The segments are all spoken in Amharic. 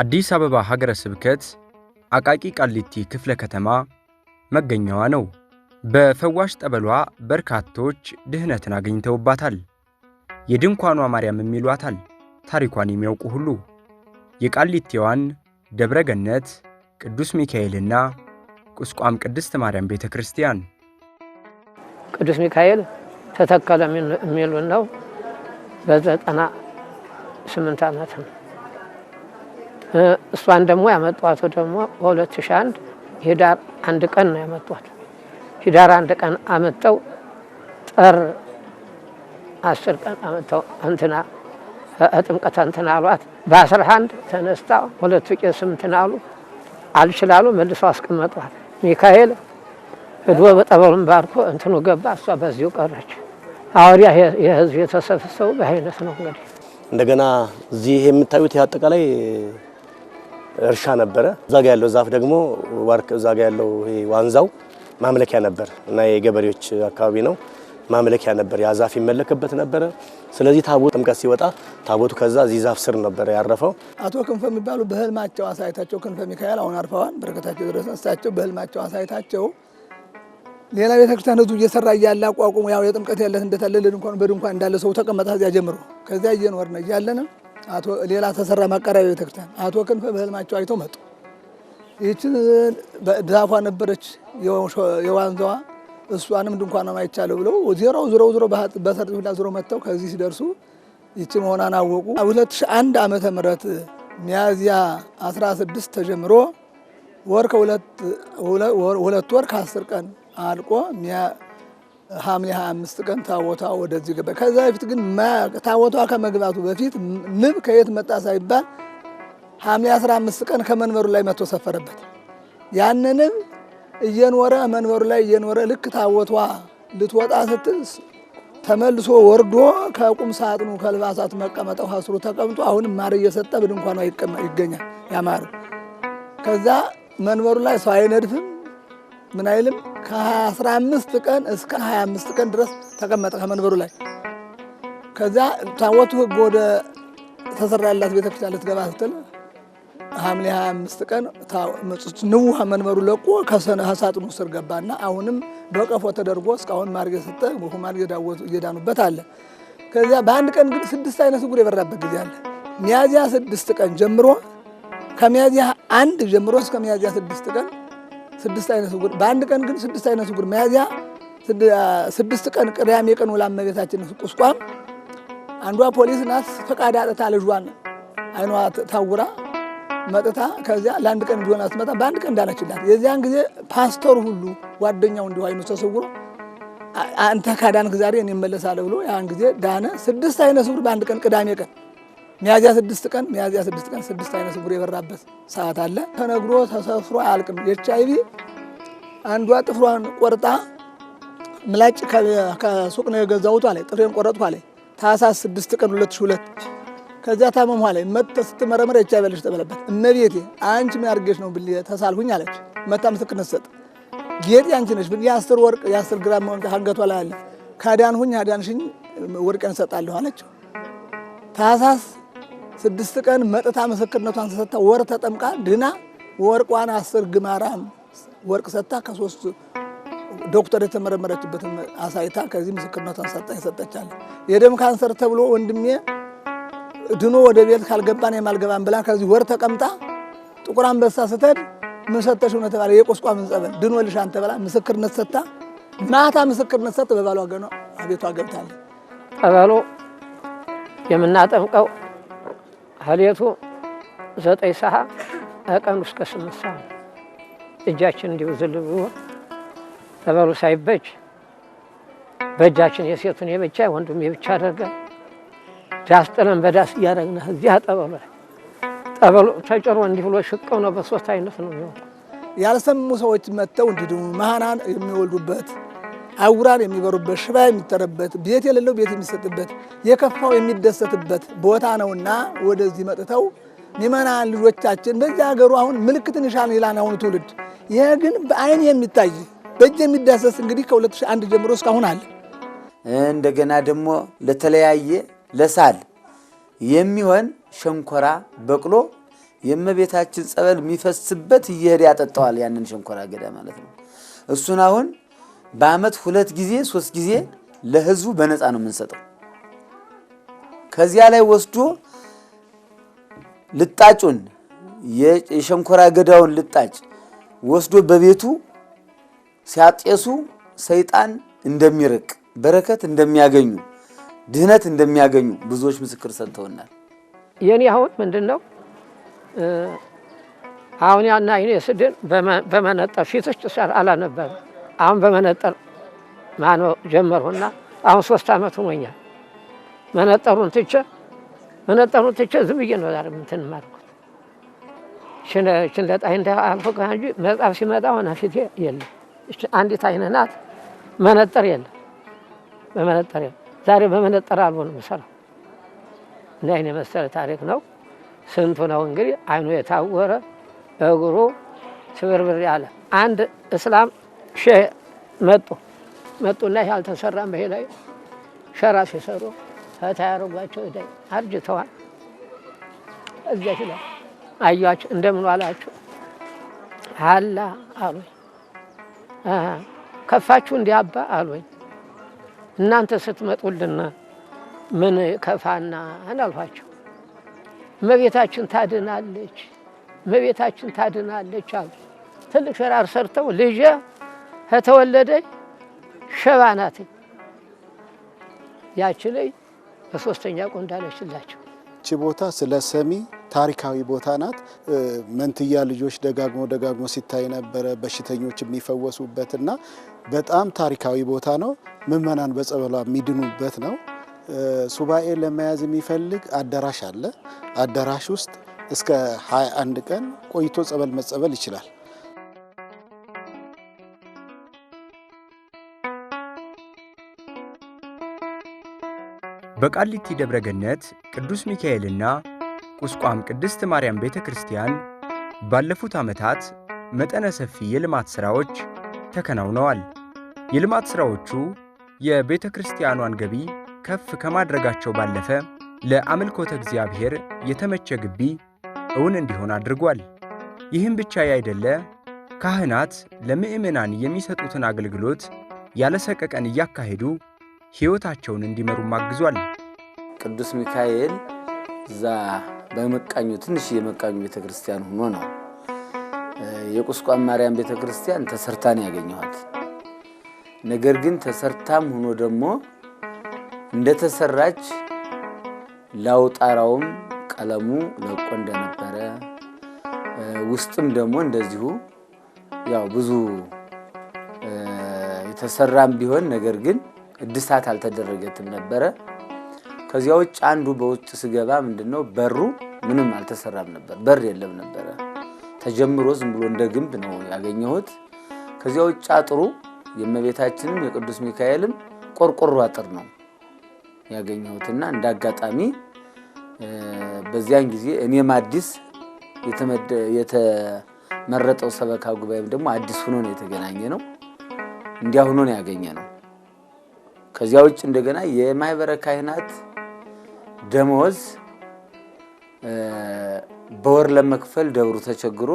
አዲስ አበባ ሀገረ ስብከት አቃቂ ቃሊቲ ክፍለ ከተማ መገኛዋ ነው። በፈዋሽ ጠበሏ በርካቶች ድህነትን አግኝተውባታል። የድንኳኗ ማርያም የሚሏታል ታሪኳን የሚያውቁ ሁሉ። የቃሊቴዋን ደብረ ገነት፣ ቅዱስ ሚካኤልና ቁስቋም ቅድስት ማርያም ቤተ ክርስቲያን ቅዱስ ሚካኤል ተተከለ የሚሉን ነው። በዘጠና ስምንት ዓመት ነው እሷን ደግሞ ያመጧት ደግሞ በ2001 አንድ ህዳር አንድ ቀን ነው ያመጧት። ህዳር አንድ ቀን አመጠው ጥር አስር ቀን አመጠው እንትና ጥምቀት እንትና አሏት። በአስራ አንድ ተነስታ ሁለቱ ቄስ እንትና አሉ አልችላሉ መልሶ አስቀመጧል። ሚካኤል ህዶ በጠበሉን ባርኮ እንትኑ ገባ። እሷ በዚሁ ቀረች። ሐዋርያ የህዝብ የተሰበሰቡ በአይነት ነው እንግዲህ እንደገና እዚህ የምታዩት አጠቃላይ እርሻ ነበረ። እዛ ጋ ያለው ዛፍ ደግሞ ዋርክ፣ እዛ ጋ ያለው ዋንዛው ማምለኪያ ነበር እና የገበሬዎች አካባቢ ነው ማምለኪያ ነበር። ያ ዛፍ ይመለክበት ነበረ። ስለዚህ ታቦት ጥምቀት ሲወጣ ታቦቱ ከዛ እዚህ ዛፍ ስር ነበረ ያረፈው። አቶ ክንፈ የሚባሉ በህልማቸው አሳይታቸው ክንፈ ሚካኤል አሁን አርፈዋል፣ በረከታቸው ድረስ እሳቸው በህልማቸው አሳይታቸው ሌላ ቤተክርስቲያን ህዝቡ እየሰራ እያለ አቋቁሙ ያው የጥምቀት ያለት እንደተለልን እንኳን በድንኳን እንዳለ ሰው ተቀመጠ። እዚያ ጀምሮ ከዚያ እየኖርን እያለንም አቶ ሌላ ተሰራ ማቀረቢያ ቤተክርስቲያን አቶ ክንፈ በህልማቸው አይተው መጡ። ይህችን ዛፏ ነበረች የዋንዛዋ እሷንም ድንኳኗም አይቻለሁ ብለው ዜራው ዝሮ ዝሮ በሰርጥ ሁላ መጥተው ከዚህ ሲደርሱ ይቺ መሆኗን አወቁ። 2001 ዓመተ ምህረት ሚያዝያ 16 ተጀምሮ ወር ከሁለት ወር ከአስር ቀን አልቆ ሐምሌ 25 ቀን ታቦቷ ወደዚህ ገባ። ከዛ በፊት ግን ታቦቷ ከመግባቱ በፊት ንብ ከየት መጣ ሳይባል ሐምሌ 15 ቀን ከመንበሩ ላይ መጥቶ ሰፈረበት። ያን ንብ እየኖረ መንበሩ ላይ እየኖረ ልክ ታቦቷ ልትወጣ ስትል ተመልሶ ወርዶ ከቁም ሳጥኑ ከልባሳት መቀመጠው ሀስሩ ተቀምጦ አሁን ማር እየሰጠ በድንኳኗ ይገኛል። ያማር ከዛ መንበሩ ላይ ሰው አይነድፍም ምን አይልም። ከ15 ቀን እስከ 25 ቀን ድረስ ተቀመጠ ከመንበሩ ላይ። ከዚያ ታቦቱ ህግ ወደ ተሰራላት ቤተክርስቲያን ልትገባ ስትል ሐምሌ 25 ቀን ንውሃ መንበሩ ለቆ ከሳጥኑ ስር ገባና አሁንም በቀፎ ተደርጎ እስካሁን ማርጌ ሰጠ ሁማን እየዳኑበት አለ። ከዚያ በአንድ ቀን ግን ስድስት አይነት ጉር የበራበት ጊዜ አለ። ሚያዚያ ስድስት ቀን ጀምሮ ከሚያዚያ አንድ ጀምሮ እስከ ሚያዚያ ስድስት ቀን ስድስት አይነት ስውር በአንድ ቀን ግን ስድስት አይነት ስውር ሚያዝያ ስድስት ቀን ቅዳሜ ቀን ውላ እመቤታችን ቁስቋም አንዷ ፖሊስ ናት። ፈቃድ አጥታ ልጇን አይኗ ታውራ መጥታ ከዚያ ለአንድ ቀን ቢሆን አስመጣ በአንድ ቀን እንዳለችላት የዚያን ጊዜ ፓስተር ሁሉ ጓደኛው እንዲሁ አይኑ ተሰውሮ አንተ ካዳንክ ዛሬ እኔ እመለሳለሁ ብሎ ያን ጊዜ ዳነ። ስድስት አይነት ስውር በአንድ ቀን ቅዳሜ ቀን ሚያዚያ ስድስት ቀን ሚያዚያ ስድስት ቀን ስድስት አይነ ስውር የበራበት ሰዓት አለ። ተነግሮ ተሰፍሮ አያልቅም። ኤች አይ ቪ አንዷ ጥፍሯን ቆርጣ ምላጭ ከሱቅ ነው የገዛሁት አለ። ጥፍሬን ቆረጥኩ አለ። ታህሳስ ስድስት ቀን ሁለት ሺህ ሁለት ከዚያ ታመሙ አለ። መጥተ ስትመረመር ኤች አይ ቪ አለሽ ተበለበት። እመቤቴ አንቺ ምን አድርጌሽ ነው ብል ተሳልሁኝ አለች። መታ ምስክርነት ሰጥ ጌጥ ያንቺ ነሽ ብል የአስር ወርቅ የአስር ግራም አንገቷ ላይ አለ። ካዳንሁኝ አዳንሽኝ ወርቅ እንሰጣለሁ አለችው ታህሳስ ስድስት ቀን መጥታ ምስክርነቷን ተሰጥታ ወር ተጠምቃ ድና ወርቋን አስር ግማራን ወርቅ ሰጥታ ከሶስት ዶክተር የተመረመረችበትን አሳይታ ከዚህ ምስክርነቷን ሰጥታ የሰጠቻለ የደም ካንሰር ተብሎ ወንድሜ ድኖ ወደ ቤት ካልገባን የማልገባን ብላ ከዚህ ወር ተቀምጣ ጥቁር አንበሳ ስተድ ምን ሰጠሽ ነው ተባለ። የቆስቋም እንጸበል ድኖ ልሽ አንተ ብላ ምስክርነት ሰጥታ ማታ ምስክርነት ሰጥ በባሏ ገኗ አቤቷ ገብታለ ጠበሎ የምናጠምቀው ሀሌቱ ዘጠኝ ሰዓት ቀኑ እስከ ስምንት ሰዓት እጃችን እንዲሁ ዝል ብሎ ተበሉ ሳይበጅ በእጃችን የሴቱን የብቻ ወንዱም የብቻ አደርገን ዳስ ጥለን በዳስ እያደረግን እዚያ ጠበሉ ጠበሉ ተጭሮ እንዲህ ብሎ ሽቀው ነው። በሶስት አይነት ነው ያልሰሙ ሰዎች መጥተው እንዲድኑ መሃናን የሚወልዱበት አውራን የሚበሩበት ሽባ የሚጠረበት ቤት የሌለው ቤት የሚሰጥበት የከፋው የሚደሰትበት ቦታ ነውና ወደዚህ መጥተው ምእመናን ልጆቻችን በዚህ ሀገሩ አሁን ምልክትን ይሻል ይላል አሁኑ ትውልድ። ይህ ግን በአይን የሚታይ በእጅ የሚዳሰስ እንግዲህ ከ2001 ጀምሮ እስካሁን አለ። እንደገና ደግሞ ለተለያየ ለሳል የሚሆን ሸንኮራ በቅሎ የእመቤታችን ጸበል የሚፈስበት እየሄደ ያጠጣዋል። ያንን ሸንኮራ አገዳ ማለት ነው። እሱን አሁን በአመት ሁለት ጊዜ ሶስት ጊዜ ለህዝቡ በነፃ ነው የምንሰጠው። ከዚያ ላይ ወስዶ ልጣጩን የሸንኮራ አገዳውን ልጣጭ ወስዶ በቤቱ ሲያጤሱ ሰይጣን እንደሚርቅ በረከት እንደሚያገኙ ድህነት እንደሚያገኙ ብዙዎች ምስክር ሰጥተውናል። የኔ አሁን ምንድን ነው አሁን ያና አይኔ ስድን በመነጠፍ ፊቶች ጥሳት አሁን በመነጠር ማነው ጀመርሁና አሁን ሶስት ዓመት ሆኖኛል። መነጠሩን ትቼ መነጠሩን ትቼ ዝም ብዬ ነው ዛሬ እንትን የማልኩት። ሽለጣ እንደ አልፎቀ እንጂ መጽሐፍ ሲመጣ ሆነ ፊቴ የለም። አንዲት አይነ ናት። መነጠር የለም በመነጠር የለም። ዛሬ በመነጠር አልቦ ነው የምሰራው። እንደ አይነ መሰለ ታሪክ ነው። ስንቱ ነው እንግዲህ አይኑ የታወረ እግሩ ስብርብር ያለ አንድ እስላም ሼህ መጡ መጡና ያልተሰራም ይሄ ላይ ሸራ ሲሰሩ ፈታ ያደረጓቸው ደ አርጅተዋል። እዚያ አያቸው። እንደምን አላ አሉኝ። ከፋችሁ እንዲ አባ አሉኝ። እናንተ ስትመጡልን ምን ከፋና አላልኋቸው። እመቤታችን ታድናለች፣ እመቤታችን ታድናለች አሉ። ትልቅ ሸራር ሰርተው ልጄ ከተወለደኝ ሸባ ናት። ያቺ ላይ በሶስተኛ ቆንዳለችላቸው። ይቺ ቦታ ስለ ሰሚ ታሪካዊ ቦታ ናት። መንትያ ልጆች ደጋግሞ ደጋግሞ ሲታይ ነበረ በሽተኞች የሚፈወሱበት እና በጣም ታሪካዊ ቦታ ነው። ምእመናን በጸበሏ የሚድኑበት ነው። ሱባኤ ለመያዝ የሚፈልግ አዳራሽ አለ። አዳራሽ ውስጥ እስከ 21 ቀን ቆይቶ ጸበል መጸበል ይችላል። በቃሊቲ ደብረ ገነት ቅዱስ ሚካኤልና ቁስቋም ቅድስት ማርያም ቤተ ክርስቲያን ባለፉት ዓመታት መጠነ ሰፊ የልማት ሥራዎች ተከናውነዋል። የልማት ሥራዎቹ የቤተ ክርስቲያኗን ገቢ ከፍ ከማድረጋቸው ባለፈ ለአምልኮተ እግዚአብሔር የተመቸ ግቢ እውን እንዲሆን አድርጓል። ይህም ብቻ ያይደለ ካህናት ለምእምናን የሚሰጡትን አገልግሎት ያለ ሰቀቀን እያካሄዱ ሕይወታቸውን እንዲመሩም አግዟል። ቅዱስ ሚካኤል እዛ በመቃኙ ትንሽ የመቃኙ ቤተክርስቲያን ሆኖ ነው የቁስቋም ማርያም ቤተክርስቲያን ተሰርታን ያገኘኋት። ነገር ግን ተሰርታም ሆኖ ደግሞ እንደተሰራች ላውጣራውም ቀለሙ ለቆ እንደነበረ ውስጥም ደግሞ እንደዚሁ ያው ብዙ የተሰራም ቢሆን ነገር ግን እድሳት አልተደረገትም ነበረ። ከዚያ ውጭ አንዱ በውጭ ስገባ ምንድነው በሩ ምንም አልተሰራም ነበር። በር የለም ነበረ። ተጀምሮ ዝም ብሎ እንደ ግንብ ነው ያገኘሁት። ከዚያ ውጭ አጥሩ የእመቤታችንም የቅዱስ ሚካኤልም ቆርቆሮ አጥር ነው ያገኘሁትና እንደ አጋጣሚ በዚያን ጊዜ እኔም አዲስ የተመረጠው ሰበካ ጉባኤም ደግሞ አዲስ ሁኖ ነው የተገናኘ ነው። እንዲያ ሁኖ ነው ያገኘ ነው። ከዚያ ውጭ እንደገና የማይበረ ካህናት ደሞዝ በወር ለመክፈል ደብሩ ተቸግሮ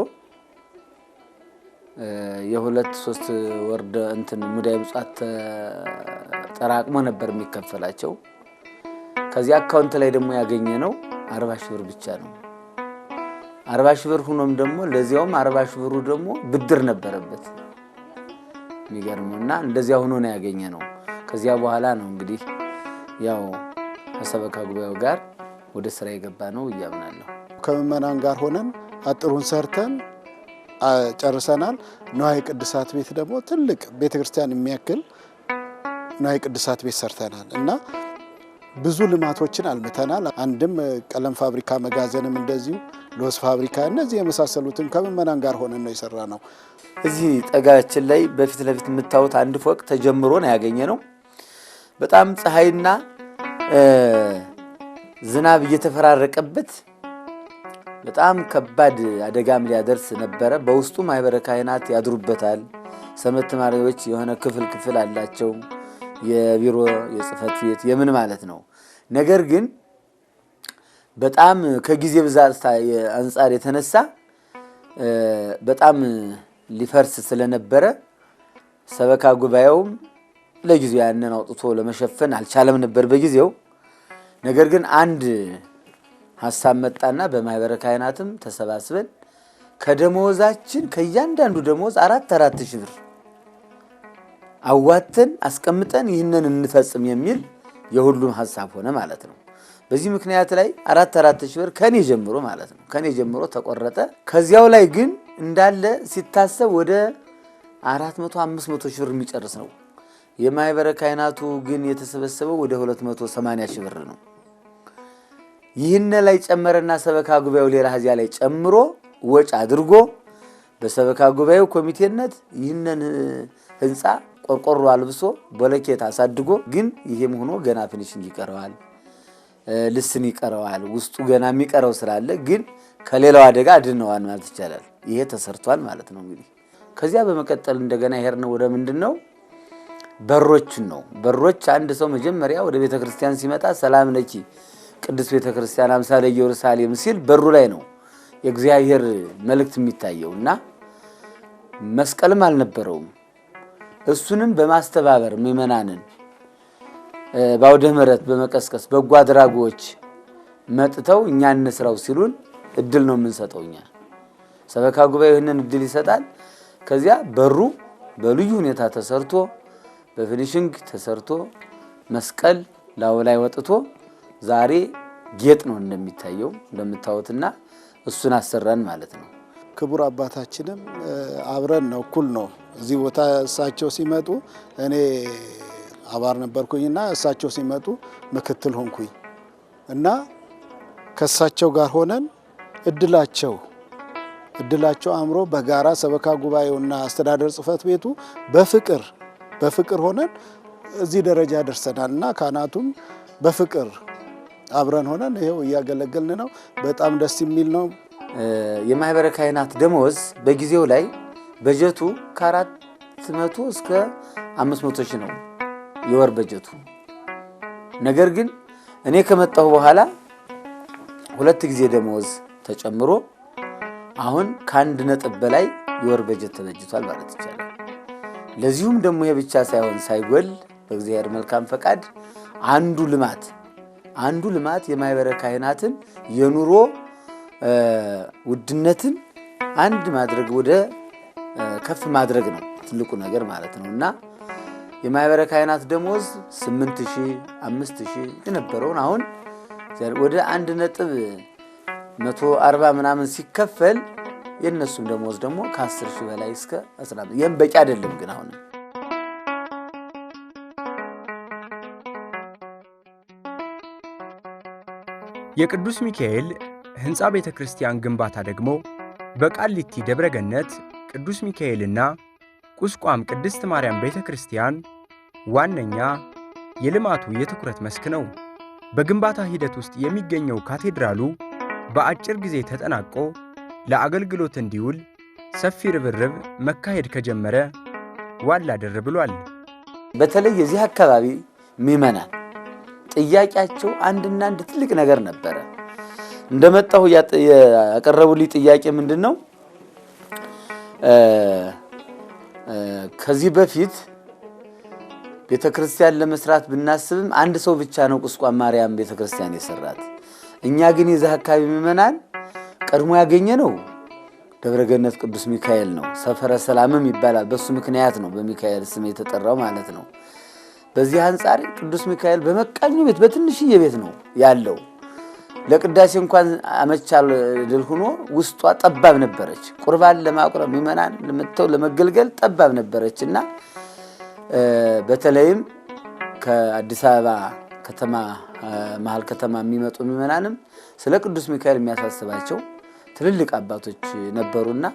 የሁለት ሶስት ወር እንትን ሙዳይ ብጻት ተጠራቅሞ ነበር የሚከፈላቸው። ከዚህ አካውንት ላይ ደግሞ ያገኘ ነው አርባ ሺህ ብር ብቻ ነው። አርባ ሺህ ብር ሁኖም ደግሞ ለዚያውም አርባ ሺህ ብሩ ደግሞ ብድር ነበረበት የሚገርመው እና እንደዚያ ሁኖ ነው ያገኘ ነው። ከዚያ በኋላ ነው እንግዲህ ያው ከሰበካ ጉባኤው ጋር ወደ ስራ የገባ ነው እያምናለሁ። ከምዕመናን ጋር ሆነን አጥሩን ሰርተን ጨርሰናል። ንዋየ ቅድሳት ቤት ደግሞ ትልቅ ቤተ ክርስቲያን የሚያክል ንዋየ ቅድሳት ቤት ሰርተናል እና ብዙ ልማቶችን አልምተናል። አንድም ቀለም ፋብሪካ፣ መጋዘንም እንደዚሁ ሎስ ፋብሪካ፣ እነዚህ የመሳሰሉትን ከምዕመናን ጋር ሆነን ነው የሰራ ነው። እዚህ ጠጋችን ላይ በፊት ለፊት የምታዩት አንድ ፎቅ ነው ያገኘ ነው። በጣም ፀሐይና ዝናብ እየተፈራረቀበት በጣም ከባድ አደጋም ሊያደርስ ነበረ። በውስጡ ማህበረ ካህናት ያድሩበታል። ሰመት ተማሪዎች የሆነ ክፍል ክፍል አላቸው። የቢሮ የጽህፈት ቤት የምን ማለት ነው። ነገር ግን በጣም ከጊዜ ብዛት አንጻር የተነሳ በጣም ሊፈርስ ስለነበረ ሰበካ ጉባኤውም ለጊዜው ያንን አውጥቶ ለመሸፈን አልቻለም ነበር በጊዜው። ነገር ግን አንድ ሀሳብ መጣና በማህበረ ካህናትም ተሰባስበን ከደሞዛችን ከእያንዳንዱ ደሞዝ አራት አራት ሺህ ብር አዋተን አስቀምጠን ይህንን እንፈጽም የሚል የሁሉም ሀሳብ ሆነ ማለት ነው። በዚህ ምክንያት ላይ አራት አራት ሺህ ብር ከኔ ጀምሮ ማለት ነው ከኔ ጀምሮ ተቆረጠ። ከዚያው ላይ ግን እንዳለ ሲታሰብ ወደ አራት መቶ አምስት መቶ ሺህ ብር የሚጨርስ ነው የማኅበረ ካህናቱ ግን የተሰበሰበው ወደ 280 ሺህ ብር ነው። ይህን ላይ ጨመረና ሰበካ ጉባኤው ሌላ ከዚያ ላይ ጨምሮ ወጪ አድርጎ በሰበካ ጉባኤው ኮሚቴነት ይህንን ህንፃ ቆርቆሮ አልብሶ በለኬት አሳድጎ ግን ይሄም ሆኖ ገና ፊኒሽንግ ይቀረዋል፣ ልስን ይቀረዋል። ውስጡ ገና የሚቀረው ስላለ ግን ከሌላው አደጋ አድነዋል ማለት ይቻላል። ይሄ ተሰርቷል ማለት ነው። እንግዲህ ከዚያ በመቀጠል እንደገና ሄርነው ወደ ምንድን ነው በሮችን ነው። በሮች አንድ ሰው መጀመሪያ ወደ ቤተ ክርስቲያን ሲመጣ ሰላም ነቺ ቅዱስ ቤተ ክርስቲያን አምሳለ ኢየሩሳሌም ሲል በሩ ላይ ነው የእግዚአብሔር መልእክት የሚታየው እና መስቀልም አልነበረውም። እሱንም በማስተባበር ምእመናንን በአውደ ምሕረት በመቀስቀስ በጎ አድራጎች መጥተው እኛ እንስራው ሲሉን እድል ነው የምንሰጠው። እኛ ሰበካ ጉባኤ ይህንን እድል ይሰጣል። ከዚያ በሩ በልዩ ሁኔታ ተሰርቶ በፊኒሽንግ ተሰርቶ መስቀል ላዩ ላይ ወጥቶ ዛሬ ጌጥ ነው እንደሚታየው እንደምታዩትና እሱን አሰራን ማለት ነው። ክቡር አባታችንም አብረን ነው እኩል ነው። እዚህ ቦታ እሳቸው ሲመጡ እኔ አባር ነበርኩኝና እሳቸው ሲመጡ ምክትል ሆንኩኝ እና ከእሳቸው ጋር ሆነን እድላቸው እድላቸው አእምሮ በጋራ ሰበካ ጉባኤውና አስተዳደር ጽሕፈት ቤቱ በፍቅር በፍቅር ሆነን እዚህ ደረጃ ደርሰናል እና ካህናቱም በፍቅር አብረን ሆነን ይኸው እያገለገልን ነው። በጣም ደስ የሚል ነው። የማህበረ ካህናት ደመወዝ በጊዜው ላይ በጀቱ ከአራት መቶ እስከ አምስት መቶ ሺህ ነው የወር በጀቱ። ነገር ግን እኔ ከመጣሁ በኋላ ሁለት ጊዜ ደመወዝ ተጨምሮ አሁን ከአንድ ነጥብ በላይ የወር በጀት ተበጅቷል ማለት ይቻላል። ለዚሁም ደግሞ የብቻ ሳይሆን ሳይጎል በእግዚአብሔር መልካም ፈቃድ አንዱ ልማት አንዱ ልማት የማይበረ ካህናትን የኑሮ ውድነትን አንድ ማድረግ ወደ ከፍ ማድረግ ነው ትልቁ ነገር ማለት ነው እና የማይበረ ካህናት ደሞዝ ስምንት ሺህ አምስት ሺህ የነበረውን አሁን ወደ አንድ ነጥብ 140 ምናምን ሲከፈል የእነሱም ደሞዝ ደግሞ ከ10 ሺህ በላይ እስከ ይህም በቂ አይደለም። ግን አሁን የቅዱስ ሚካኤል ሕንፃ ቤተ ክርስቲያን ግንባታ ደግሞ በቃሊቲ ደብረገነት ቅዱስ ሚካኤልና ቁስቋም ቅድስት ማርያም ቤተ ክርስቲያን ዋነኛ የልማቱ የትኩረት መስክ ነው። በግንባታ ሂደት ውስጥ የሚገኘው ካቴድራሉ በአጭር ጊዜ ተጠናቆ ለአገልግሎት እንዲውል ሰፊ ርብርብ መካሄድ ከጀመረ ዋላ ድር ብሏል። በተለይ የዚህ አካባቢ ምዕመናን ጥያቄያቸው አንድና አንድ ትልቅ ነገር ነበረ። እንደመጣሁ ያቀረቡልኝ ጥያቄ ምንድን ነው? ከዚህ በፊት ቤተ ክርስቲያን ለመስራት ብናስብም አንድ ሰው ብቻ ነው ቁስቋም ማርያም ቤተ ክርስቲያን የሰራት። እኛ ግን የዚህ አካባቢ ምዕመናን ቀድሞ ያገኘ ነው ደብረገነት ቅዱስ ሚካኤል ነው። ሰፈረ ሰላምም ይባላል። በሱ ምክንያት ነው በሚካኤል ስም የተጠራው ማለት ነው። በዚህ አንጻር ቅዱስ ሚካኤል በመቃኙ ቤት በትንሽዬ ቤት ነው ያለው። ለቅዳሴ እንኳን አመቻል ድል ሆኖ ውስጧ ጠባብ ነበረች። ቁርባን ለማቁረብ ምዕመናን ለመተው ለመገልገል ጠባብ ነበረች እና በተለይም ከአዲስ አበባ ከተማ መሀል ከተማ የሚመጡ ምዕመናንም ስለ ቅዱስ ሚካኤል የሚያሳስባቸው ትልልቅ አባቶች ነበሩና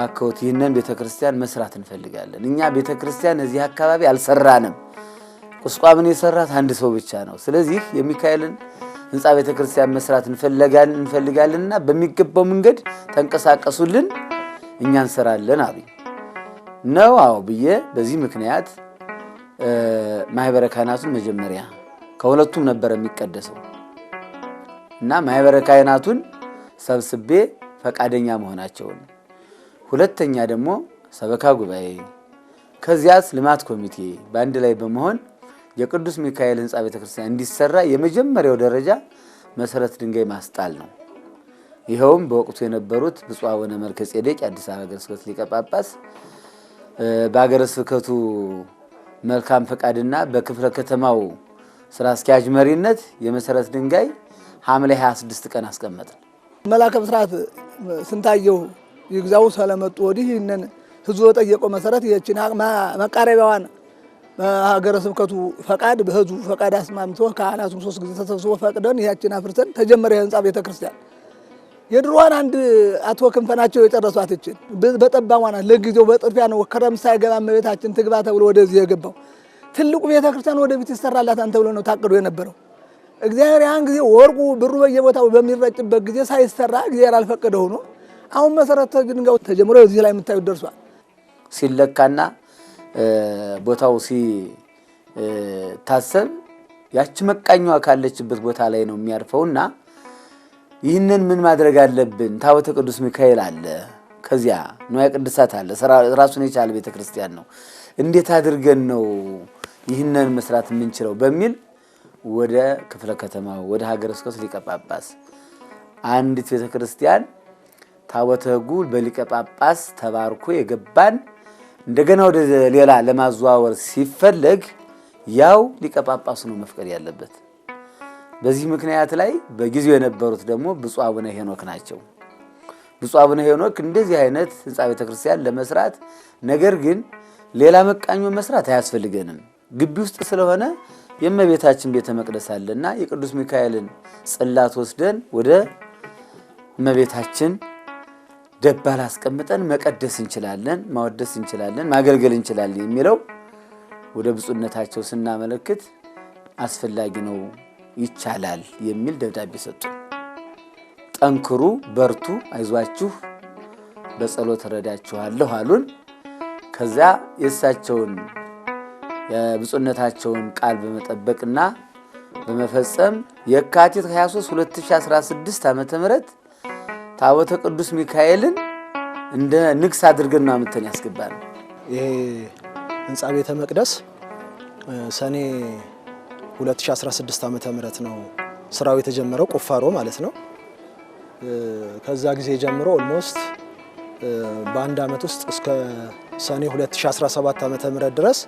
ያከውት ይህንን ቤተክርስቲያን መስራት እንፈልጋለን። እኛ ቤተክርስቲያን እዚህ አካባቢ አልሰራንም። ቁስቋምን የሰራት አንድ ሰው ብቻ ነው። ስለዚህ የሚካኤልን ህንፃ ቤተክርስቲያን መስራት እንፈልጋለንና በሚገባው መንገድ ተንቀሳቀሱልን፣ እኛ እንሰራለን አሉ። ነው አዎ ብዬ በዚህ ምክንያት ማህበረ ካህናቱን መጀመሪያ ከሁለቱም ነበረ የሚቀደሰው እና ማህበረ ካህናቱን ሰብስቤ ፈቃደኛ መሆናቸውን፣ ሁለተኛ ደግሞ ሰበካ ጉባኤ፣ ከዚያስ ልማት ኮሚቴ በአንድ ላይ በመሆን የቅዱስ ሚካኤል ህንፃ ቤተክርስቲያን እንዲሰራ የመጀመሪያው ደረጃ መሰረት ድንጋይ ማስጣል ነው። ይኸውም በወቅቱ የነበሩት ብፁዕ አቡነ መልከ ጼዴቅ የአዲስ አበባ ሀገረ ስብከት ሊቀ ጳጳስ በሀገረ ስብከቱ መልካም ፈቃድና በክፍለ ከተማው ስራ አስኪያጅ መሪነት የመሰረት ድንጋይ ሐምሌ 26 ቀን አስቀመጥን። መላከ ብስራት ስንታየው ይግዛው ስለመጡ ወዲህ ይህንን ህዝቡ በጠየቀው መሰረት ይህችን መቃረቢያዋን በሀገረ ስብከቱ ፈቃድ በህዝቡ ፈቃድ አስማምቶ ካህናቱም ሶስት ጊዜ ተሰብስቦ ፈቅደን ይህችን ፍርሰን ተጀመረ የህንፃ ቤተ ክርስቲያን። የድሮዋን አንድ አቶ ክንፈናቸው የጨረሷት ይችን በጠባሟና ለጊዜው በጥርፊያ ነው ክረምት ሳይገባ እመቤታችን ትግባ ተብሎ ወደዚህ የገባው። ትልቁ ቤተ ክርስቲያን ወደፊት ይሰራላታን ተብሎ ነው ታቅዶ የነበረው። እግዚአብሔር ያን ጊዜ ወርቁ ብሩ በየቦታው በሚረጭበት ጊዜ ሳይሰራ እግዚአብሔር አልፈቀደ ሆኖ አሁን መሰረተ ድንጋው ተጀምሮ እዚህ ላይ የምታዩት ደርሷል። ሲለካና ቦታው ሲታሰብ ያች መቃኛዋ ካለችበት ቦታ ላይ ነው እና ይህንን ምን ማድረግ አለብን? ታቦተ ቅዱስ ሚካኤል አለ፣ ከዚያ ንዋየ ቅድሳት አለ፣ ራሱን የቻለ ቤተክርስቲያን ነው። እንዴት አድርገን ነው ይህንን መስራት የምንችለው በሚል ወደ ክፍለ ከተማ ወደ ሀገረ ስብከቱ ሊቀ ጳጳስ አንዲት ቤተ ክርስቲያን ታቦተ ሕጉ በሊቀ ጳጳስ ተባርኮ የገባን እንደገና ወደ ሌላ ለማዘዋወር ሲፈለግ ያው ሊቀ ጳጳሱ ነው መፍቀድ ያለበት። በዚህ ምክንያት ላይ በጊዜው የነበሩት ደግሞ ብፁዕ አቡነ ሄኖክ ናቸው። ብፁዕ አቡነ ሄኖክ እንደዚህ አይነት ህንፃ ቤተ ክርስቲያን ለመስራት ነገር ግን ሌላ መቃኞ መስራት አያስፈልገንም ግቢ ውስጥ ስለሆነ የእመቤታችን ቤተ መቅደስ አለና የቅዱስ ሚካኤልን ጽላት ወስደን ወደ እመቤታችን ደባል አስቀምጠን መቀደስ እንችላለን፣ ማወደስ እንችላለን፣ ማገልገል እንችላለን የሚለው ወደ ብፁዕነታቸው ስናመለክት አስፈላጊ ነው፣ ይቻላል የሚል ደብዳቤ ሰጡ። ጠንክሩ፣ በርቱ፣ አይዟችሁ፣ በጸሎት እረዳችኋለሁ አሉን። ከዚያ የእሳቸውን የብፁዕነታቸውን ቃል በመጠበቅና በመፈጸም የካቲት 23 2016 ዓ ም ታቦተ ቅዱስ ሚካኤልን እንደ ንግስ አድርገን ማምተን ያስገባል። ይሄ ህንፃ ቤተ መቅደስ ሰኔ 2016 ዓ ም ነው ስራው የተጀመረው ቁፋሮ ማለት ነው። ከዛ ጊዜ ጀምሮ ኦልሞስት በአንድ ዓመት ውስጥ እስከ ሰኔ 2017 ዓ ም ድረስ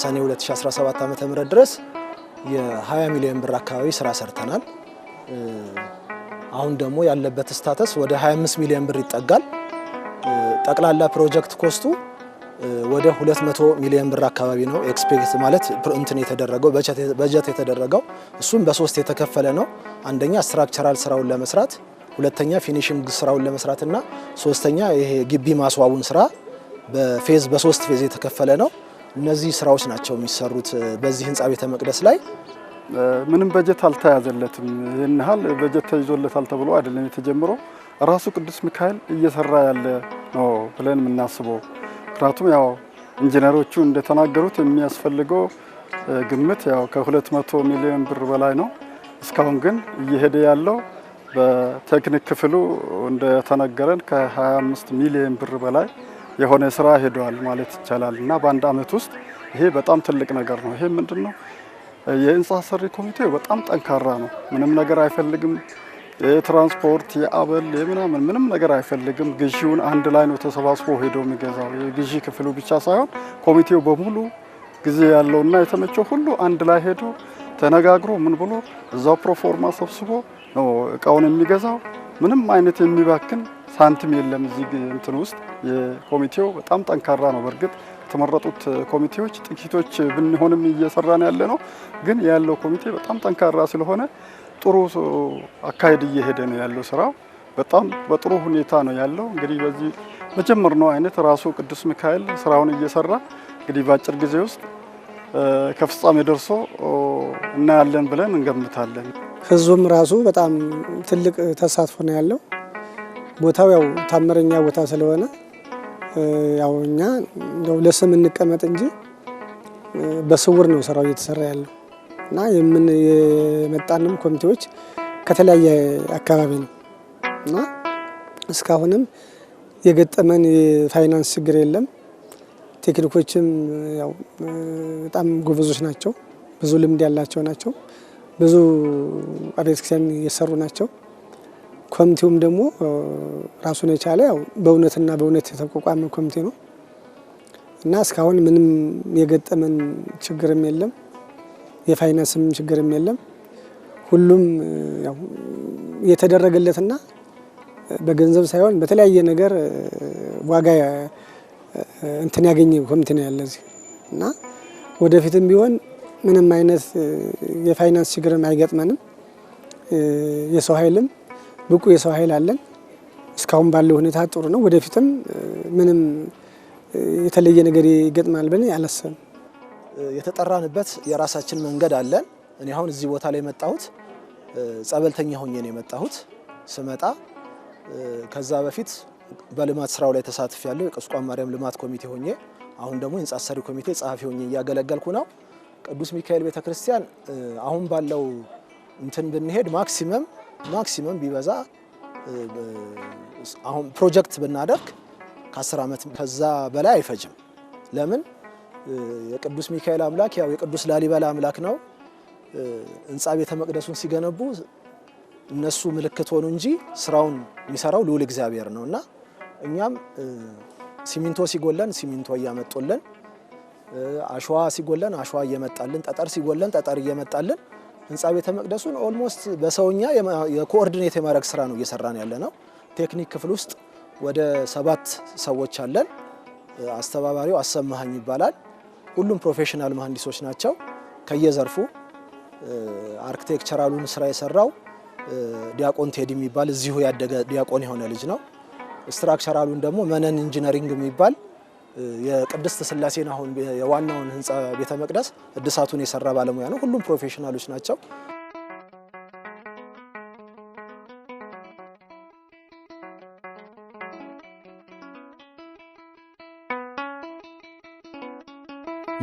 ሰኔ 2017 ዓ.ም ድረስ የ20 ሚሊዮን ብር አካባቢ ስራ ሰርተናል። አሁን ደግሞ ያለበት ስታተስ ወደ 25 ሚሊዮን ብር ይጠጋል። ጠቅላላ ፕሮጀክት ኮስቱ ወደ 200 ሚሊዮን ብር አካባቢ ነው። ኤክስፔክት ማለት እንትን የተደረገው በጀት የተደረገው እሱም በሶስት የተከፈለ ነው። አንደኛ ስትራክቸራል ስራውን ለመስራት፣ ሁለተኛ ፊኒሽንግ ስራውን ለመስራት እና ሶስተኛ ይሄ ግቢ ማስዋቡን ስራ በፌዝ በሶስት ፌዝ የተከፈለ ነው። እነዚህ ስራዎች ናቸው የሚሰሩት በዚህ ህንፃ ቤተ መቅደስ ላይ። ምንም በጀት አልተያዘለትም። ይህን ያህል በጀት ተይዞለታል ተብሎ አይደለም የተጀምሮ ራሱ ቅዱስ ሚካኤል እየሰራ ያለ ነው ብለን የምናስበው። ምክንያቱም ያው ኢንጂነሮቹ እንደተናገሩት የሚያስፈልገው ግምት ያው ከ200 ሚሊዮን ብር በላይ ነው። እስካሁን ግን እየሄደ ያለው በቴክኒክ ክፍሉ እንደተነገረን ከ25 ሚሊዮን ብር በላይ የሆነ ስራ ሄደዋል ማለት ይቻላል እና በአንድ አመት ውስጥ ይሄ በጣም ትልቅ ነገር ነው። ይሄ ምንድን ነው? የህንፃ ሰሪ ኮሚቴው በጣም ጠንካራ ነው። ምንም ነገር አይፈልግም። የትራንስፖርት የአበል የምናምን ምንም ነገር አይፈልግም። ግዢውን አንድ ላይ ነው ተሰባስቦ ሄዶ የሚገዛው። የግዢ ክፍሉ ብቻ ሳይሆን ኮሚቴው በሙሉ ጊዜ ያለውና የተመቸው ሁሉ አንድ ላይ ሄዶ ተነጋግሮ ምን ብሎ እዛው ፕሮፎርማ ሰብስቦ ነው እቃውን የሚገዛው። ምንም አይነት የሚባክን ሳንቲም የለም እዚህ እንትን ውስጥ የኮሚቴው በጣም ጠንካራ ነው። በእርግጥ የተመረጡት ኮሚቴዎች ጥቂቶች ብንሆንም እየሰራን ያለ ነው። ግን ያለው ኮሚቴ በጣም ጠንካራ ስለሆነ ጥሩ አካሄድ እየሄደ ነው ያለው ስራው በጣም በጥሩ ሁኔታ ነው ያለው። እንግዲህ በዚህ መጀመር ነው አይነት ራሱ ቅዱስ ሚካኤል ስራውን እየሰራ እንግዲህ በአጭር ጊዜ ውስጥ ከፍጻሜ ደርሶ እናያለን ብለን እንገምታለን። ህዝቡም ራሱ በጣም ትልቅ ተሳትፎ ነው ያለው። ቦታው ያው ታምረኛ ቦታ ስለሆነ ያው እኛ እንደው ለስም እንቀመጥ እንጂ በስውር ነው ስራው እየተሰራ ያለው እና የምን የመጣንም ኮሚቴዎች ከተለያየ አካባቢ ነው እና እስካሁንም የገጠመን የፋይናንስ ችግር የለም። ቴክኒኮችም ያው በጣም ጎበዞች ናቸው። ብዙ ልምድ ያላቸው ናቸው። ብዙ አብያተ ክርስቲያን የሰሩ ናቸው። ኮሚቴውም ደግሞ ራሱን የቻለ ያው በእውነትና በእውነት የተቋቋመ ኮሚቴ ነው እና እስካሁን ምንም የገጠመን ችግርም የለም፣ የፋይናንስም ችግርም የለም። ሁሉም የተደረገለትና በገንዘብ ሳይሆን በተለያየ ነገር ዋጋ እንትን ያገኘ ኮሚቴ ነው ያለ እዚህ እና ወደፊትም ቢሆን ምንም አይነት የፋይናንስ ችግርም አይገጥመንም የሰው ኃይልም ብቁ የሰው ኃይል አለን። እስካሁን ባለው ሁኔታ ጥሩ ነው። ወደፊትም ምንም የተለየ ነገር ይገጥማል ብለን አላሰብም። የተጠራንበት የራሳችን መንገድ አለን። እኔ አሁን እዚህ ቦታ ላይ የመጣሁት ጸበልተኛ ሆኜ ነው የመጣሁት። ስመጣ ከዛ በፊት በልማት ስራው ላይ ተሳትፍ ያለው የቁስቋም ማርያም ልማት ኮሚቴ ሆኜ አሁን ደግሞ የህንጻ ሰሪ ኮሚቴ ጸሐፊ ሆኜ እያገለገልኩ ነው። ቅዱስ ሚካኤል ቤተክርስቲያን አሁን ባለው እንትን ብንሄድ ማክሲመም ማክሲመም ቢበዛ አሁን ፕሮጀክት ብናደርግ ከአስር ዓመት ከዛ በላይ አይፈጅም። ለምን የቅዱስ ሚካኤል አምላክ ያው የቅዱስ ላሊበላ አምላክ ነው። ህንፃ ቤተ መቅደሱን ሲገነቡ እነሱ ምልክት ሆኑ እንጂ ስራውን የሚሰራው ልዑል እግዚአብሔር ነው እና እኛም ሲሚንቶ ሲጎለን ሲሚንቶ እያመጡልን፣ አሸዋ ሲጎለን አሸዋ እየመጣልን፣ ጠጠር ሲጎለን ጠጠር እየመጣልን ህንፃ ቤተ መቅደሱን ኦልሞስት በሰውኛ የኮኦርዲኔት የማድረግ ስራ ነው እየሰራን ያለ ነው። ቴክኒክ ክፍል ውስጥ ወደ ሰባት ሰዎች አለን። አስተባባሪው አሰማሀኝ ይባላል። ሁሉም ፕሮፌሽናል መሀንዲሶች ናቸው ከየዘርፉ አርክቴክቸራሉን ስራ የሰራው ዲያቆን ቴድ የሚባል እዚሁ ያደገ ዲያቆን የሆነ ልጅ ነው። ስትራክቸራሉን ደግሞ መነን ኢንጂነሪንግ የሚባል የቅድስት ስላሴን አሁን የዋናውን ህንፃ ቤተ መቅደስ እድሳቱን የሰራ ባለሙያ ነው። ሁሉም ፕሮፌሽናሎች ናቸው።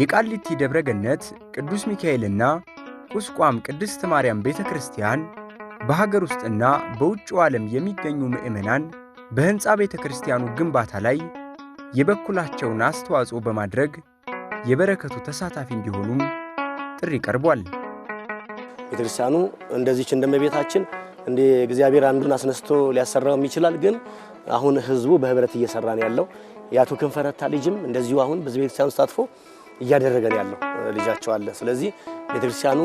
የቃሊቲ ደብረ ገነት ቅዱስ ሚካኤልና ቁስቋም ቅድስት ማርያም ቤተ ክርስቲያን በሀገር ውስጥና በውጭው ዓለም የሚገኙ ምዕመናን በሕንፃ ቤተ ክርስቲያኑ ግንባታ ላይ የበኩላቸውን አስተዋጽኦ በማድረግ የበረከቱ ተሳታፊ እንዲሆኑም ጥሪ ቀርቧል። ቤተክርስቲያኑ እንደዚች እንደመቤታችን እንደ እግዚአብሔር አንዱን አስነስቶ ሊያሰራውም ይችላል። ግን አሁን ህዝቡ በህብረት እየሰራ ነው ያለው። የአቶ ክንፈረታ ልጅም እንደዚሁ አሁን በዚህ ቤተክርስቲያኑ ተሳትፎ እያደረገ ነው ያለው ልጃቸው አለ። ስለዚህ ቤተክርስቲያኑ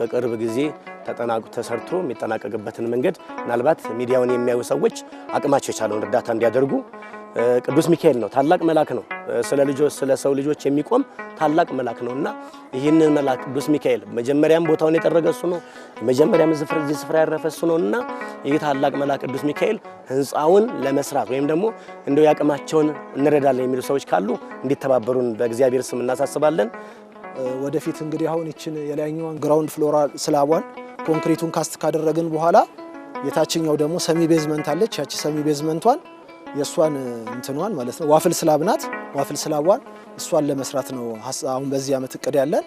በቅርብ ጊዜ ተጠናቁ ተሰርቶ የሚጠናቀቅበትን መንገድ ምናልባት ሚዲያውን የሚያዩ ሰዎች አቅማቸው የቻለውን እርዳታ እንዲያደርጉ ቅዱስ ሚካኤል ነው። ታላቅ መልአክ ነው። ስለ ልጆች ስለ ሰው ልጆች የሚቆም ታላቅ መልአክ ነው እና ይህንን መልአክ ቅዱስ ሚካኤል መጀመሪያም ቦታውን የጠረገ እሱ ነው። መጀመሪያም እዚህ ስፍራ ያረፈ እሱ ነው እና ይህ ታላቅ መልአክ ቅዱስ ሚካኤል ህንፃውን ለመስራት ወይም ደግሞ እንደው ያቅማቸውን እንረዳለን የሚሉ ሰዎች ካሉ እንዲተባበሩን በእግዚአብሔር ስም እናሳስባለን። ወደፊት እንግዲህ አሁን ይችን የላይኛዋን ግራውንድ ፍሎራ ስላቧን ኮንክሪቱን ካስት ካደረግን በኋላ የታችኛው ደግሞ ሰሚ ቤዝመንት አለች። ያቺ ሰሚ ቤዝመንቷን የእሷን እንትኗን ማለት ነው ዋፍል ስላብ ናት። ዋፍል ስላቧን እሷን ለመስራት ነው አሁን በዚህ ዓመት እቅድ ያለን።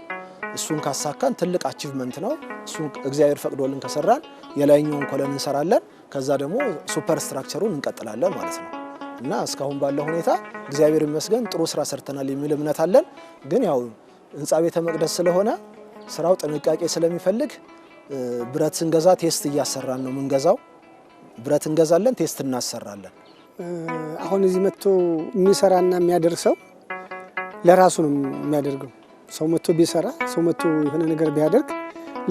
እሱን ካሳካን ትልቅ አቺቭመንት ነው። እሱን እግዚአብሔር ፈቅዶልን ከሰራን የላይኛውን ኮለን እንሰራለን። ከዛ ደግሞ ሱፐር ስትራክቸሩን እንቀጥላለን ማለት ነው እና እስካሁን ባለ ሁኔታ እግዚአብሔር ይመስገን ጥሩ ስራ ሰርተናል የሚል እምነት አለን። ግን ያው ህንፃ ቤተ መቅደስ ስለሆነ ስራው ጥንቃቄ ስለሚፈልግ ብረት ስንገዛ ቴስት እያሰራን ነው ምንገዛው። ብረት እንገዛለን፣ ቴስት እናሰራለን። አሁን እዚህ መጥቶ የሚሰራና የሚያደርሰው ለራሱ ነው የሚያደርገው። ሰው መጥቶ ቢሰራ ሰው መጥቶ የሆነ ነገር ቢያደርግ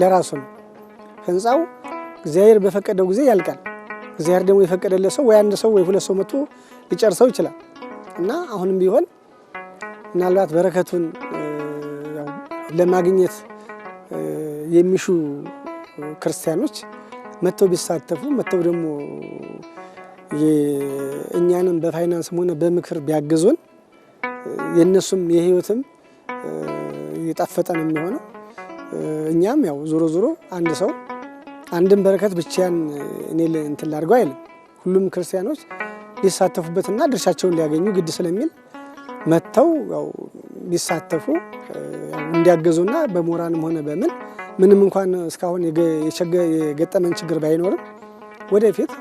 ለራሱ ነው። ህንፃው እግዚአብሔር በፈቀደው ጊዜ ያልቃል። እግዚአብሔር ደግሞ የፈቀደለ ሰው ወይ አንድ ሰው ወይ ሁለት ሰው መጥቶ ሊጨርሰው ይችላል እና አሁንም ቢሆን ምናልባት በረከቱን ለማግኘት የሚሹ ክርስቲያኖች መጥተው ቢሳተፉ መጥተው ደግሞ እኛንም በፋይናንስም ሆነ በምክር ቢያግዙን የእነሱም የህይወትም እየጣፈጠ ነው የሚሆነው። እኛም ያው ዞሮ ዞሮ አንድ ሰው አንድን በረከት ብቻዬን እኔ እንትን ላድርገው አይልም። ሁሉም ክርስቲያኖች ሊሳተፉበትና ድርሻቸውን ሊያገኙ ግድ ስለሚል መጥተው ያው ሊሳተፉ እንዲያገዙና በሞራንም ሆነ በምን ምንም እንኳን እስካሁን የገጠመን ችግር ባይኖርም ወደፊት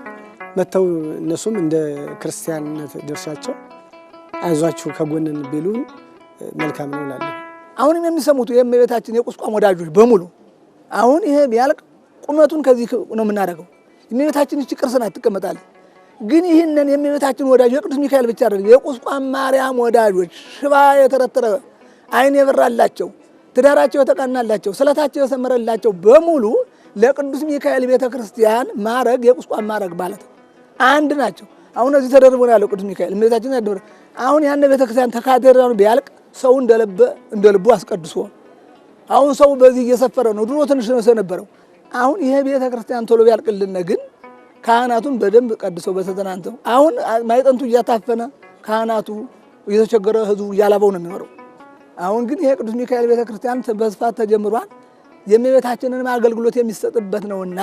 መጥተው እነሱም እንደ ክርስቲያንነት ደርሳቸው አይዟችሁ ከጎንን ቢሉን መልካም ነው እላለሁ። አሁንም የሚሰሙት የእመቤታችን የቁስቋም ወዳጆች በሙሉ አሁን ይሄ ቢያልቅ ቁመቱን ከዚህ ነው የምናደርገው። የእመቤታችን ይቺ ቅርስ ናት ትቀመጣለች። ግን ይህንን የእመቤታችን ወዳጆች የቅዱስ ሚካኤል ብቻ አይደለም፣ የቁስቋም ማርያም ወዳጆች ሽባ የተረተረ አይን የበራላቸው ትዳራቸው የተቀናላቸው ስለታቸው የሰመረላቸው በሙሉ ለቅዱስ ሚካኤል ቤተ ክርስቲያን ማረግ የቁስቋም ማረግ ማለት ነው። አንድ ናቸው። አሁን እዚህ ተደርቦ ያለው ቅዱስ ሚካኤል እመቤታችን ያደረ አሁን ያን ቤተክርስቲያን ተካቴድራሉ ቢያልቅ ሰው እንደለበ እንደልቡ አስቀድሶ አሁን ሰው በዚህ እየሰፈረ ነው። ድሮ ትንሽ ነው የነበረው። አሁን ይሄ ቤተክርስቲያን ቶሎ ቢያልቅልን ግን ካህናቱን በደንብ ቀድሰው በተጠናንተው አሁን ማይጠንቱ እያታፈነ ካህናቱ እየተቸገረ ህዝቡ እያላበው ነው የሚኖረው። አሁን ግን ይሄ ቅዱስ ሚካኤል ቤተክርስቲያን በስፋት ተጀምሯል። የእመቤታችንንም አገልግሎት የሚሰጥበት ነውና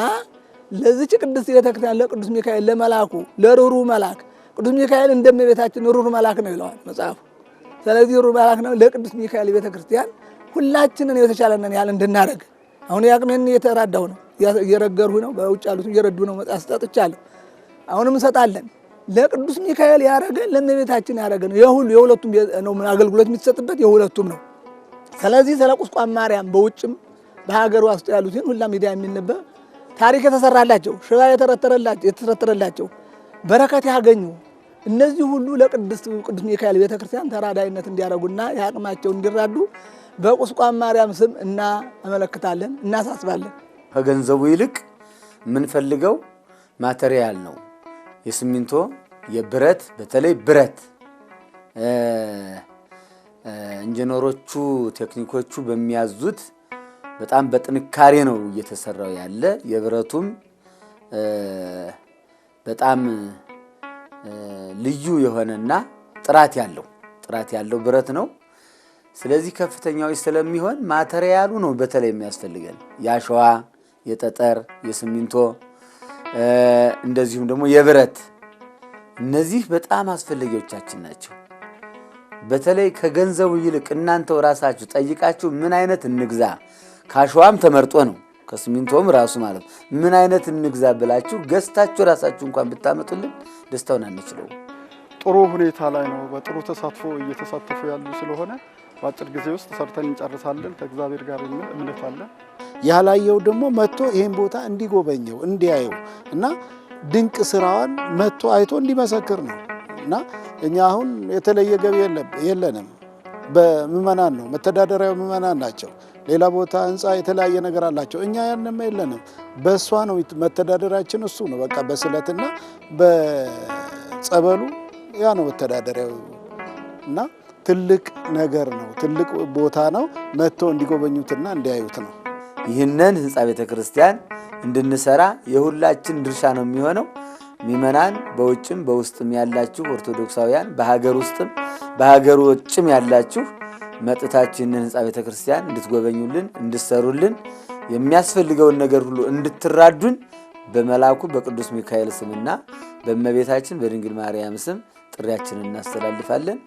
ለዚች ቅድስት ቤተክርስቲያን ለቅዱስ ሚካኤል ለመላኩ ለሩሩ መላክ ቅዱስ ሚካኤል እንደመቤታችን ሩኅሩኅ መላክ ነው ይለዋል መጽሐፉ። ስለዚህ ሩኅሩኅ መላክ ነው ለቅዱስ ሚካኤል ቤተክርስቲያን ሁላችንን የተቻለንን ያህል እንድናደርግ አሁን ያቅሜን እየተራዳሁ ነው፣ እየረገርሁ ነው፣ በውጭ ያሉት እየረዱ ነው። መጽሐፍ ስጠጥቻለሁ፣ አሁንም እንሰጣለን። ለቅዱስ ሚካኤል ያረገ ለእመቤታችን ያረገ ነው። የሁሉ የሁለቱም ነው አገልግሎት የሚሰጥበት የሁለቱም ነው። ስለዚህ ስለ ቁስቋም ማርያም በውጭም በሀገር ውስጥ ያሉትን ሁላ ሚዲያ የሚነበብ ታሪክ የተሰራላቸው ሽራ የተረተረላቸው በረከት ያገኙ እነዚህ ሁሉ ለቅድስት ቅዱስ ሚካኤል ቤተክርስቲያን ተራዳይነት እንዲያደርጉና የአቅማቸው እንዲራዱ በቁስቋም ማርያም ስም እናመለክታለን፣ እናሳስባለን። ከገንዘቡ ይልቅ የምንፈልገው ማቴሪያል ነው። የሲሚንቶ፣ የብረት በተለይ ብረት ኢንጂነሮቹ ቴክኒኮቹ በሚያዙት በጣም በጥንካሬ ነው እየተሰራው ያለ። የብረቱም በጣም ልዩ የሆነና ጥራት ያለው ጥራት ያለው ብረት ነው። ስለዚህ ከፍተኛው ስለሚሆን ማተሪያሉ ነው በተለይ የሚያስፈልገን የአሸዋ፣ የጠጠር፣ የሲሚንቶ እንደዚሁም ደግሞ የብረት እነዚህ በጣም አስፈላጊዎቻችን ናቸው። በተለይ ከገንዘቡ ይልቅ እናንተው ራሳችሁ ጠይቃችሁ ምን አይነት እንግዛ ካሸዋም ተመርጦ ነው ከሲሚንቶም ራሱ ማለት ነው። ምን አይነት እንግዛ ብላችሁ ገዝታችሁ ራሳችሁ እንኳን ብታመጡልን ደስታውን አንችለው። ጥሩ ሁኔታ ላይ ነው። በጥሩ ተሳትፎ እየተሳተፉ ያሉ ስለሆነ በአጭር ጊዜ ውስጥ ሰርተን እንጨርሳለን። ከእግዚአብሔር ጋር እምነት አለ። ያላየው ደግሞ መጥቶ ይህን ቦታ እንዲጎበኘው እንዲያየው እና ድንቅ ስራዋን መጥቶ አይቶ እንዲመሰክር ነው እና እኛ አሁን የተለየ ገቢ የለንም። በምዕመናን ነው መተዳደሪያው ምዕመናን ናቸው። ሌላ ቦታ ህንፃ፣ የተለያየ ነገር አላቸው። እኛ ያንም የለንም። በእሷ ነው መተዳደራችን። እሱ ነው በቃ በስለትና በጸበሉ ያ ነው መተዳደሪያው እና ትልቅ ነገር ነው። ትልቅ ቦታ ነው። መጥቶ እንዲጎበኙትና እንዲያዩት ነው። ይህንን ህንፃ ቤተ ክርስቲያን እንድንሰራ የሁላችን ድርሻ ነው የሚሆነው። ሚመናን በውጭም በውስጥም ያላችሁ ኦርቶዶክሳውያን፣ በሀገር ውስጥም በሀገር ውጭም ያላችሁ መጥታችንን ህንፃ ቤተ ክርስቲያን እንድትጎበኙልን እንድትሰሩልን የሚያስፈልገውን ነገር ሁሉ እንድትራዱን በመላኩ በቅዱስ ሚካኤል ስምና በእመቤታችን በድንግል ማርያም ስም ጥሪያችንን እናስተላልፋለን።